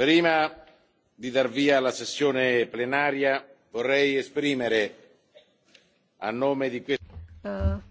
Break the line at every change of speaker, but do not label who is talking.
prima di dar via alla sessione plenaria vorrei esprimere a nome di questo
eh,